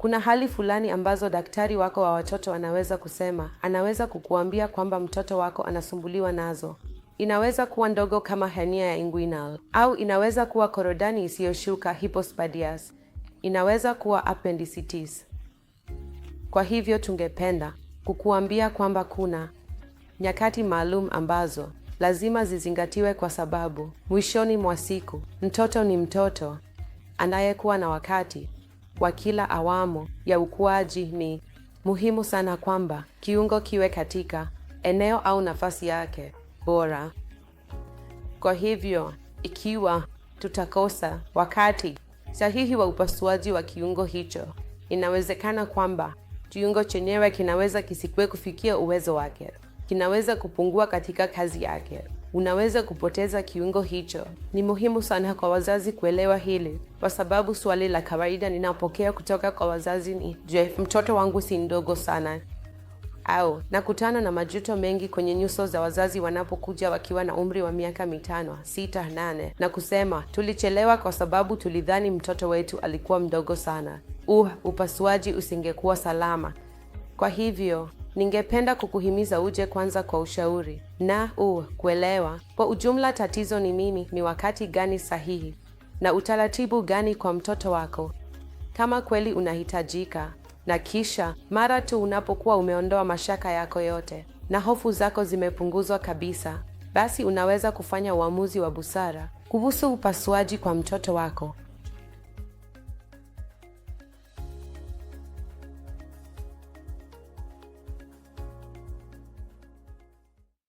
Kuna hali fulani ambazo daktari wako wa watoto anaweza kusema, anaweza kukuambia kwamba mtoto wako anasumbuliwa nazo. Inaweza kuwa ndogo kama hernia ya inguinal au inaweza kuwa korodani isiyoshuka hypospadias. Inaweza kuwa appendicitis. Kwa hivyo tungependa kukuambia kwamba kuna nyakati maalum ambazo lazima zizingatiwe, kwa sababu mwishoni mwa siku mtoto ni mtoto anayekuwa na wakati wa kila awamu ya ukuaji, ni muhimu sana kwamba kiungo kiwe katika eneo au nafasi yake bora. Kwa hivyo, ikiwa tutakosa wakati sahihi wa upasuaji wa kiungo hicho, inawezekana kwamba kiungo chenyewe kinaweza kisikuwe kufikia uwezo wake, kinaweza kupungua katika kazi yake unaweza kupoteza kiungo hicho. Ni muhimu sana kwa wazazi kuelewa hili, kwa sababu swali la kawaida ninapokea kutoka kwa wazazi ni je, mtoto wangu si mdogo sana? Au nakutana na majuto mengi kwenye nyuso za wazazi wanapokuja wakiwa na umri wa miaka mitano, sita, nane na kusema tulichelewa kwa sababu tulidhani mtoto wetu alikuwa mdogo sana. Uh, upasuaji usingekuwa salama. Kwa hivyo ningependa kukuhimiza uje kwanza kwa ushauri na u kuelewa kwa ujumla tatizo ni nini, ni wakati gani sahihi na utaratibu gani kwa mtoto wako, kama kweli unahitajika. Na kisha mara tu unapokuwa umeondoa mashaka yako yote na hofu zako zimepunguzwa kabisa, basi unaweza kufanya uamuzi wa busara kuhusu upasuaji kwa mtoto wako.